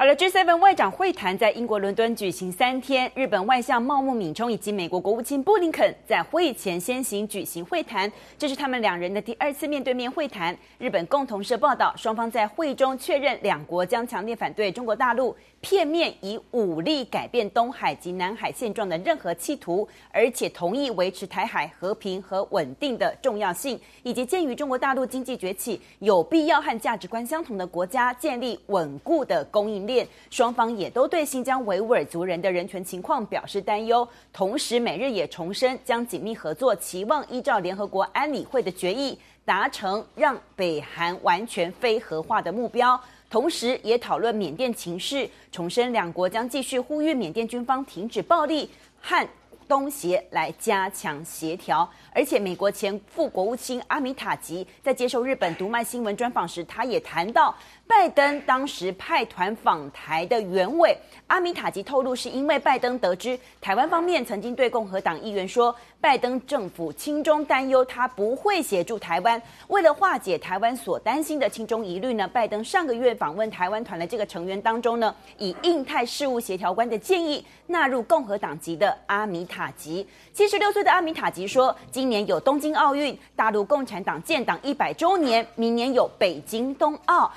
好了，G7 外長會談在英國倫敦舉行三天。日本外相茂木敏充以及美國國務卿布林肯在會前先行舉行會談，這是他們兩人的第二次面對面會談。日本共同社報道，雙方在會中確認兩國將強烈反對中國大陸片面以武力改變東海及南海現狀的任何企圖，而且同意維持台海和平和穩定的重要性，以及鑑於中國大陸經濟崛起，有必要和價值觀相同的國家建立穩固的供應鏈。雙方也都對新疆維吾爾族人的人權情況表示擔憂，同時，美日也重申將緊密合作，期望依照聯合國安理會的決議達成讓北韓完全非核化的目標，同時也討論緬甸情勢，重申兩國將繼續呼籲緬甸軍方停止暴力和東協來加強協調。而且，美國前副國務卿阿米塔吉在接受日本讀賣新聞專訪時，他也談到。拜登當時派團訪台的原委，阿米塔吉透露，是因為拜登得知台灣方面曾經對共和黨議員說，拜登政府親中，擔憂他不會協助台灣。為了化解台灣所擔心的親中疑慮呢，拜登上個月訪問台灣團的這個成員當中呢，以印太事務協調官的建議納入共和黨籍的阿米塔吉。七十六歲的阿米塔吉說，今年有東京奧運，大陸共產黨建黨一百周年，明年有北京冬奧，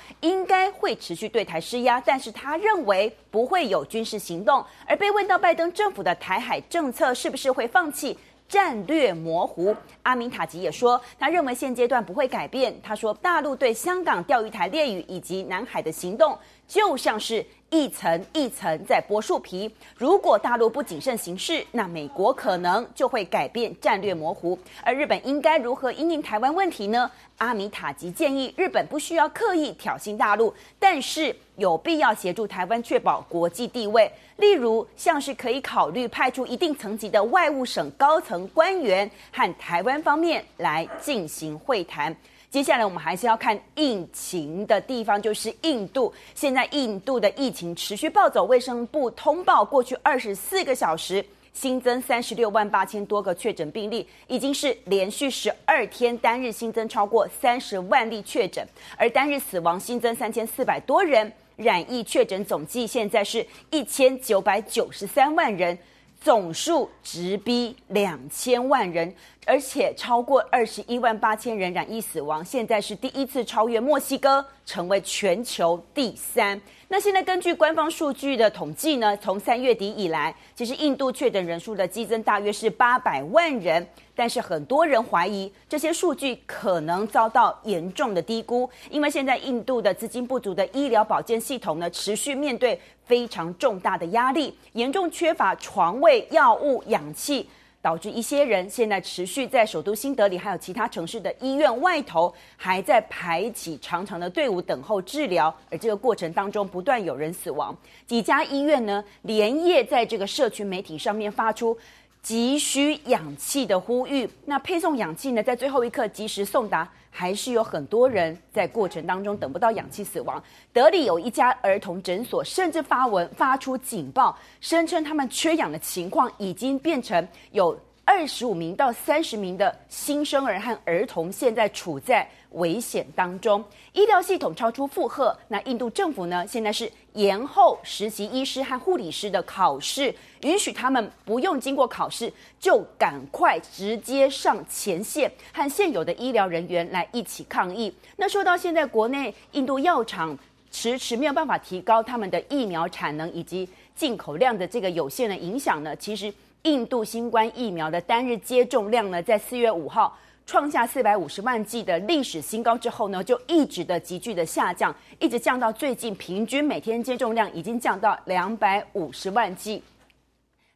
應該會持續對台施壓，但是他認為不會有軍事行動。而被問到拜登政府的台海政策是不是會放棄？戰略模糊，阿米塔吉也說，他認為現階段不會改變。他說，大陸對香港、釣魚台、列嶼，以及南海的行動，就像是一層一層在剝樹皮。如果大陸不謹慎行事，那美國可能就會改變戰略模糊。而日本應該如何因應台灣問題呢？阿米塔吉建議，日本不需要刻意挑釁大陸，但是。有必要協助台灣確保國際地位，例如像是可以考慮派出一定層級的外務省高層官員和台灣方面來進行會談。接下來我們還是要看疫情的地方，就是印度。現在印度的疫情持續暴走，衛生部通報過去二十四個小時，新增三十六萬八千多個確診病例，已經是連續十二天單日新增超過三十萬例確診，而單日死亡新增三千四百多人，染疫確診總計現在是一千九百九十三萬人，總數直逼兩千萬人，而且超過二十一萬八千人染疫死亡，現在是第一次超越墨西哥，成為全球第三。那現在根據官方數據的統計呢，從三月底以來，其實印度確診人數的激增大約是八百萬人，但是很多人懷疑這些數據可能遭到嚴重的低估，因為現在印度的資金不足的醫療保健系統呢，持續面對非常重大的壓力，嚴重缺乏床位、藥物、氧氣。導致一些人現在持續在首都新德裡還有其他城市的醫院外頭還在排起長長的隊伍等候治療，而這個過程當中不斷有人死亡。幾家醫院呢連夜在這個社群媒體上面發出急需氧氣的呼籲。那配送氧氣呢在最後一刻及時送達。還是有很多人在過程當中等不到氧氣死亡。德里有一家兒童診所甚至發文發出警報，聲稱他們缺氧的情況已經變成有二十五名到三十名的新生兒和兒童現在處在危險當中，醫療系統超出負荷。那印度政府呢？現在是。延後實習醫師和護理師的考試，允許他們不用經過考試就趕快直接上前線，和現有的醫療人員來一起抗疫。那說到現在，國內印度藥廠遲遲遲沒有辦法提高他們的疫苗產能以及進口量的這個有限的影響呢？其實，印度新冠疫苗的單日接種量呢，在四月五號。創下四百五十萬劑的歷史新高之後呢，就一直的急劇的下降，一直降到最近平均每天接種量已經降到兩百五十萬劑。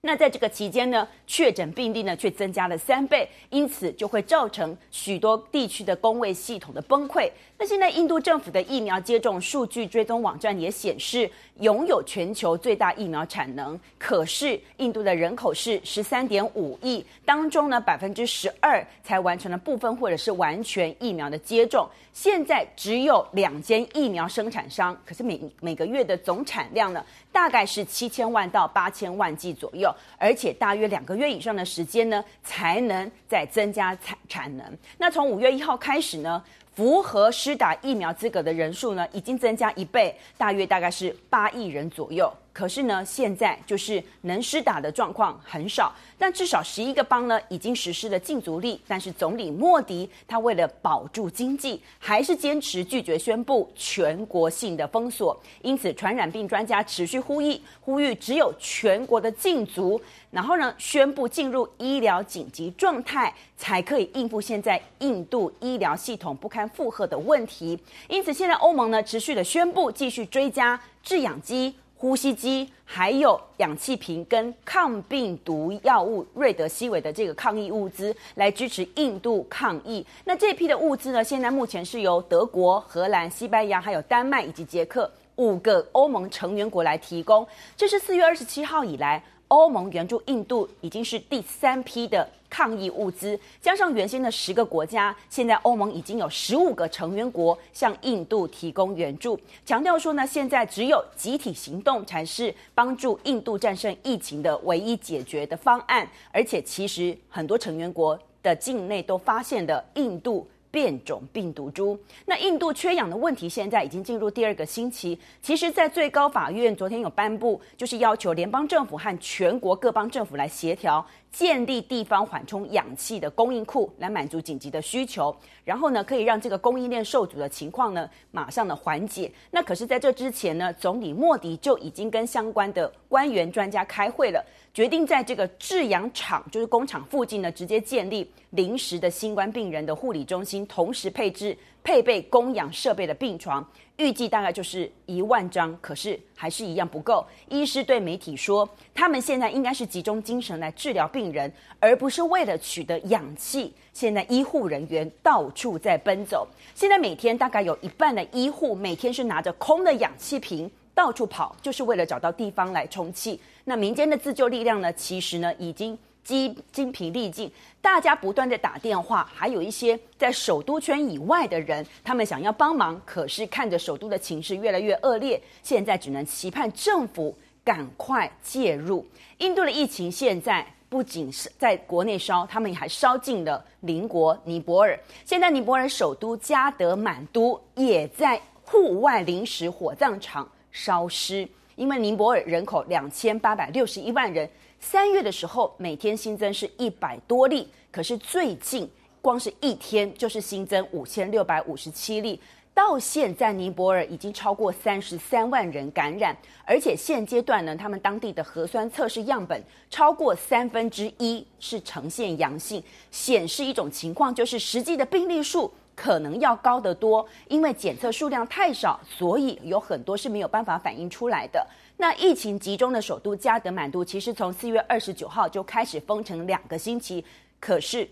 那在這個期間呢，確診病例呢卻增加了三倍，因此就會造成許多地區的公衛系統的崩潰。那現在印度政府的疫苗接種數據追蹤網站也顯示，擁有全球最大疫苗產能，可是印度的人口是十三點五億，當中呢百分之十二才完成了部分或者是完全疫苗的接種。現在只有兩間疫苗生產商，可是每每個月的總產量呢大概是七千萬到八千萬劑左右。而且大約兩個月以上的時間呢，才能再增加產產能。那從五月一號開始呢，符合施打疫苗資格的人數呢，已經增加一倍，大約大概是八億人左右。可是呢，現在就是能施打的狀況很少，但至少十一個邦呢已經實施了禁足令。但是總理莫迪他為了保住經濟，還是堅持拒絕宣布全國性的封鎖。因此，傳染病專家持續呼籲，呼籲只有全國的禁足。然後呢，宣布進入醫療緊急狀態，才可以應付現在印度醫療系統不堪負荷的問題。因此，現在歐盟呢持續的宣布繼續追加制氧機、呼吸機，還有氧氣瓶跟抗病毒藥物瑞德西韋的這個抗疫物資，來支持印度抗疫。那這批的物資呢，現在目前是由德國、荷蘭、西班牙、還有丹麥以及捷克五個歐盟成員國來提供。這是四月二十七號以來。歐盟援助印度已經是第三批的抗疫物資，加上原先的十個國家，現在歐盟已經有十五個成員國向印度提供援助。強調說呢，現在只有集體行動才是幫助印度戰勝疫情的唯一解決的方案。而且，其實很多成員國的境內都發現了印度。變種病毒株。那印度缺氧的問題現在已經進入第二個星期。其實，在最高法院昨天有頒布，就是要求聯邦政府和全國各邦政府來協調。建立地方緩衝氧氣的供應庫，來滿足緊急的需求。然後呢，可以讓這個供應鏈受阻的情況呢，馬上的緩解。那可是，在這之前呢，總理莫迪就已經跟相關的官員、專家開會了，決定在這個制氧廠，就是工廠附近呢，直接建立臨時的新冠病人的護理中心，同時配置。配備供氧設備的病床預計大概就是一萬張，可是還是一樣不夠。醫師對媒體說，他們現在應該是集中精神來治療病人，而不是為了取得氧氣。現在醫護人員到處在奔走，現在每天大概有一半的醫護每天是拿着空的氧氣瓶到處跑，就是為了找到地方來充氣。那民間的自救力量呢？其實呢，已經。精疲力盡，大家不斷地打電話，還有一些在首都圈以外的人，他們想要幫忙，可是看着首都的情勢越來越惡劣，現在只能期盼政府趕快介入。印度的疫情現在不僅是在國內燒，他們還燒進了鄰國尼泊爾。現在尼泊爾首都加德滿都也在戶外臨時火葬場燒屍。因為尼泊爾人口兩千八百六十一萬人，三月的時候每天新增是一百多例，可是最近光是一天就是新增五千六百五十七例，到現在尼泊爾已經超過三十三萬人感染，而且現階段呢，他們當地的核酸測試樣本超過三分之一是呈現陽性，顯示一種情況就是實際的病例數。可能要高得多，因為檢測數量太少，所以有很多是沒有辦法反映出來的。那疫情集中的首都加德滿都，其實從四月二十九號就開始封城兩個星期，可是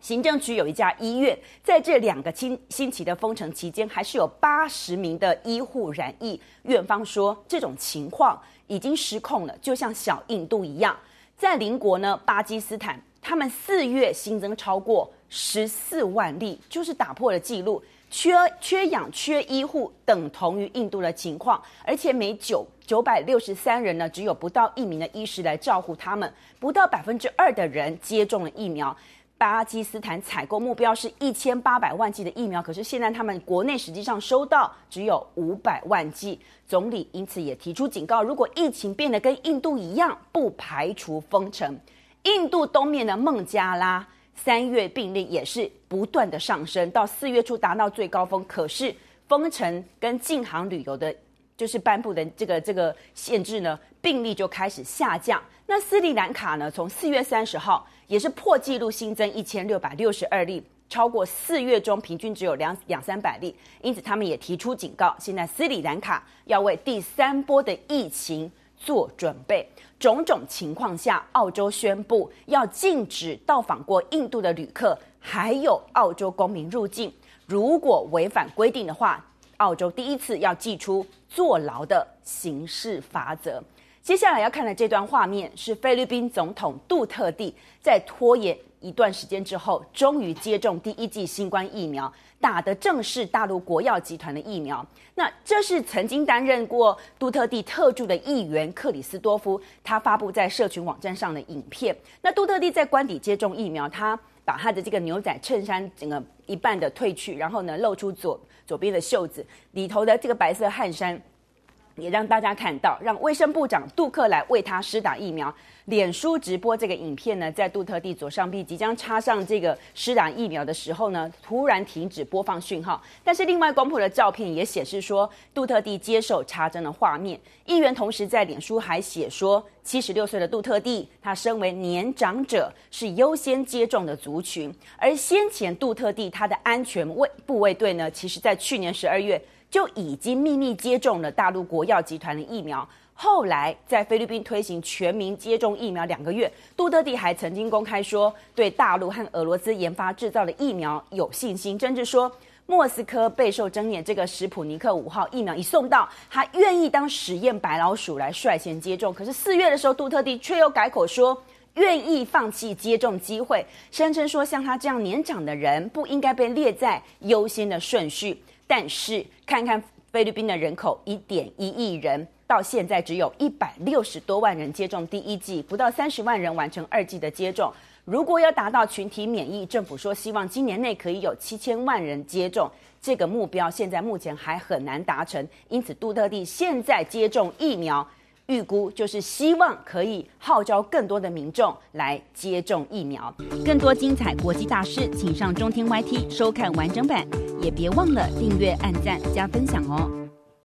行政區有一家醫院在這兩個星期的封城期間，還是有八十名的醫護染疫。院方說這種情況已經失控了，就像小印度一樣，在鄰國呢巴基斯坦，他們四月新增超過。十四萬例，就是打破了紀錄，缺缺氧、缺醫護，等同於印度的情況。而且每九九百六十三人呢，只有不到一名的醫師來照顧他們，不到百分之二的人接種了疫苗。巴基斯坦採購目標是一千八百萬劑的疫苗，可是現在他們國內實際上收到只有五百萬劑。總理因此也提出警告：如果疫情變得跟印度一樣，不排除封城。印度東面的孟加拉，三月病例也是不斷的上升，到四月初達到最高峰。可是封城跟禁航旅遊的，就是頒布的這個這個限制呢，病例就開始下降。那斯里蘭卡呢，從四月三十號也是破紀錄新增一千六百六十二例，超過四月中平均只有兩兩三百例。因此，他們也提出警告，現在斯里蘭卡要為第三波的疫情。做準備，種種情況下，澳洲宣布要禁止到訪過印度的旅客，還有澳洲公民入境。如果違反規定的話，澳洲第一次要祭出坐牢的刑事罰則。接下來要看的這段畫面是菲律賓總統杜特蒂在拖延。一段時間之後，終於接種第一劑新冠疫苗，打的正是大陸國藥集團的疫苗。那這是曾經擔任過杜特蒂特助的議員克里斯多夫，他發布在社群網站上的影片。那杜特蒂在官邸接種疫苗，他把他的這個牛仔襯衫整個一半的褪去，然後呢，露出左左邊的袖子，裡頭的這個白色汗衫。也讓大家看到，讓衛生部長杜克來為他施打疫苗。臉書直播這個影片呢，在杜特蒂左上臂即將插上這個施打疫苗的時候呢，突然停止播放訊號。但是另外公布的照片也顯示說，杜特蒂接受插針的畫面。議員同時在臉書還寫說。七十六歲的杜特蒂，他身為年長者，是優先接種的族群。而先前杜特蒂他的安全衛部衛隊呢，其實在去年十二月就已經秘密接種了大陸國藥集團的疫苗。後來在菲律賓推行全民接種疫苗兩個月，杜特蒂還曾經公開說對大陸和俄羅斯研發製造的疫苗有信心，甚至說。莫斯科備受爭議，這個“史普尼克五號”疫苗一送到，他願意當實驗白老鼠來率先接種。可是四月的時候，杜特蒂卻又改口說願意放棄接種機會，聲稱說像他這樣年長的人不應該被列在優先的順序。但是看看菲律賓的人口一點一億人，到現在只有一百六十多萬人接種第一劑，不到三十萬人完成二劑的接種。如果要達到群體免疫，政府說希望今年內可以有七千萬人接種這個目標，現在目前還很難達成，因此杜特蒂現在接種疫苗，預估就是希望可以號召更多的民眾來接種疫苗。更多精彩國際大事，請上中天 YT 收看完整版，也別忘了訂閱、按讚、加分享哦。